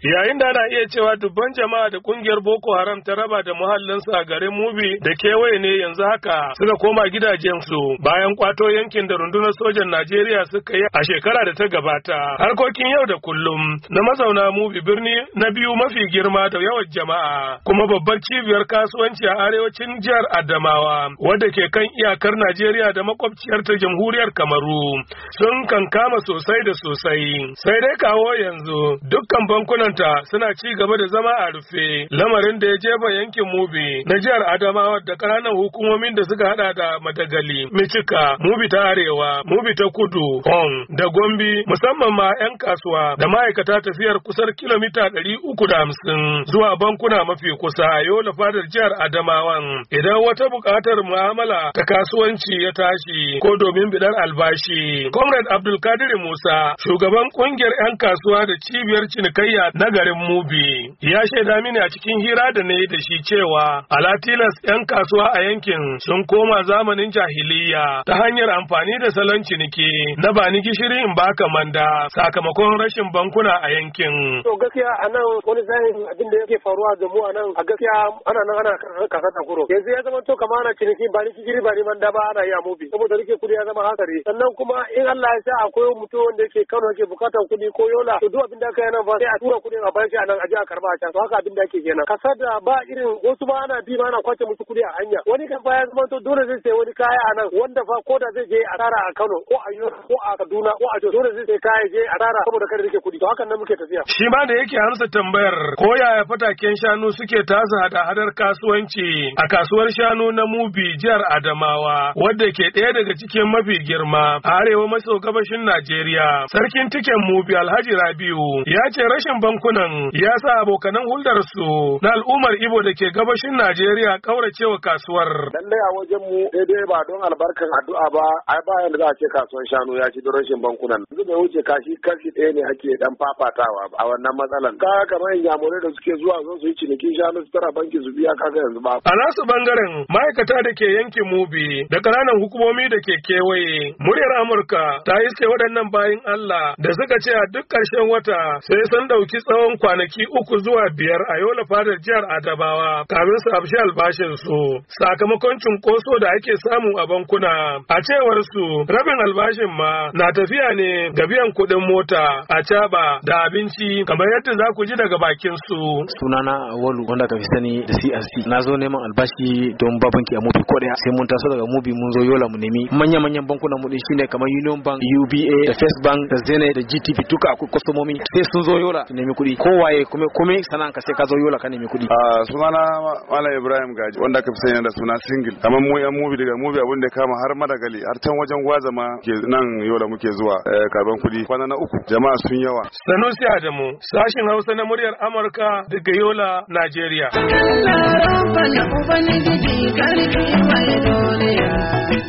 Yayin da ana iya cewa dubban jama'a da kungiyar Boko Haram ta raba da muhallinsu a garin Mubi da kewaye ne yanzu haka suka koma gidajensu bayan kwato yankin da rundunar sojan Najeriya suka yi a shekara da ta gabata. Harkokin yau da kullum na mazauna Mubi birni na biyu mafi girma da yawan jama'a kuma babbar cibiyar kasuwanci a arewacin jihar Adamawa wadda ke kan iyakar Najeriya da makwabciyar ta jamhuriyar Kamaru sun kankama sosai da sosai. Sai dai kawo yanzu dukkan bankunan hukunta suna ci gaba da zama a rufe lamarin da ya jefa yankin mubi na jihar adamawa da ƙananan hukumomin da suka hada da madagali michika mubi ta arewa mubi ta kudu hong da Gombi, musamman ma 'yan kasuwa da ma'aikata tafiyar kusar kilomita ɗari uku da hamsin zuwa bankuna mafi kusa a yola fadar jihar adamawan idan wata buƙatar mu'amala ta kasuwanci ya tashi ko domin bidar albashi comrade abdulkadir musa shugaban ƙungiyar 'yan kasuwa da cibiyar cinikayya na garin Mubi ya shaida mini a cikin hira da na yi da shi cewa alatilas 'yan kasuwa a yankin sun koma zamanin jahiliya ta hanyar amfani da salon ciniki na bani gishiri in baka manda sakamakon rashin bankuna a yankin. To gaskiya a nan wani zahin abin da yake faruwa da mu a nan a gaskiya ana nan ana kasa Yanzu ya zama to kamar ana ciniki bani gishiri bani manda ba ana yi a Mubi saboda rike kudi ya zama hasari Sannan kuma in Allah ya sa akwai mutum wanda yake Kano yake bukatar kudi ko Yola to duk abin da aka yi nan ba sai a tura kuɗin a banshi a nan a je a karɓa a can to haka abin da ake kenan kasar da ba irin wasu ba ana bi ma ana kwace musu kuɗi a hanya wani kan bayan zama to dole zai sai wani kaya a nan wanda fa ko da zai je a tara a Kano ko a Yola ko a Kaduna ko a Jos dole zai sai kaya je a tara saboda kada rike kuɗi to hakan nan muke tafiya shi ma da yake amsa tambayar ko yaya fataken shanu suke tasa hada-hadar kasuwanci a kasuwar shanu na Mubi jihar Adamawa wadda ke ɗaya daga cikin mafi girma arewa maso gabashin Najeriya sarkin tiken Mubi Alhaji Rabiu ya ce rashin ban yankunan ya sa abokanan hulɗarsu su na al'ummar Ibo da ke gabashin Najeriya kauracewa kasuwar. Lallai a wajen mu daidai ba don albarkan addu'a ba ai ba yanda za a ce kasuwar shanu ya ci don rashin bankunan. Yanzu bai wuce kashi kashi ɗaya ne ake dan fafatawa a wannan matsalan. Ka kamar yamurai da suke zuwa zo su yi cinikin shanu su tara banki su biya kaga yanzu ba. A nasu bangaren ma'aikata da ke yankin Mubi da kananan hukumomi da ke kewaye muryar Amurka ta iske waɗannan bayan Allah da suka ce a duk ƙarshen wata sai sun ɗauki tsawon kwanaki uku zuwa biyar a yola fadar jihar Adabawa kamin su amshi albashin su sakamakon cunkoso da ake samu a bankuna. A cewar su rabin albashin ma na tafiya ne ga biyan kuɗin mota, a caba da abinci kamar yadda za ku ji daga bakin su. Sunana Walu wanda ka fi sani da CSC na zo neman albashi don babanki a mubi kodaya sai mun taso daga mubi mun zo yola mu nemi manya-manyan bankuna mu din shine kamar Union Bank, UBA da First Bank da Zenith da GTB duka akwai kwastomomi sai sun zo yola su nemi nemi kuɗi waye kuma kome sana'an ka sai ka zo yola ka nemi kuɗi a ah, sunana malam ibrahim gaji wanda ka fi sanya da suna single kamar mu yan mubi daga mubi abin da kama har madagali har can wajen gwaza ma ke nan yola muke zuwa eh, karban kuɗi kwana na uku jama'a sun yawa sanusi adamu sashin hausa na muryar amurka daga yola najeriya Allah, Rabbana, Ubangiji, karfi mai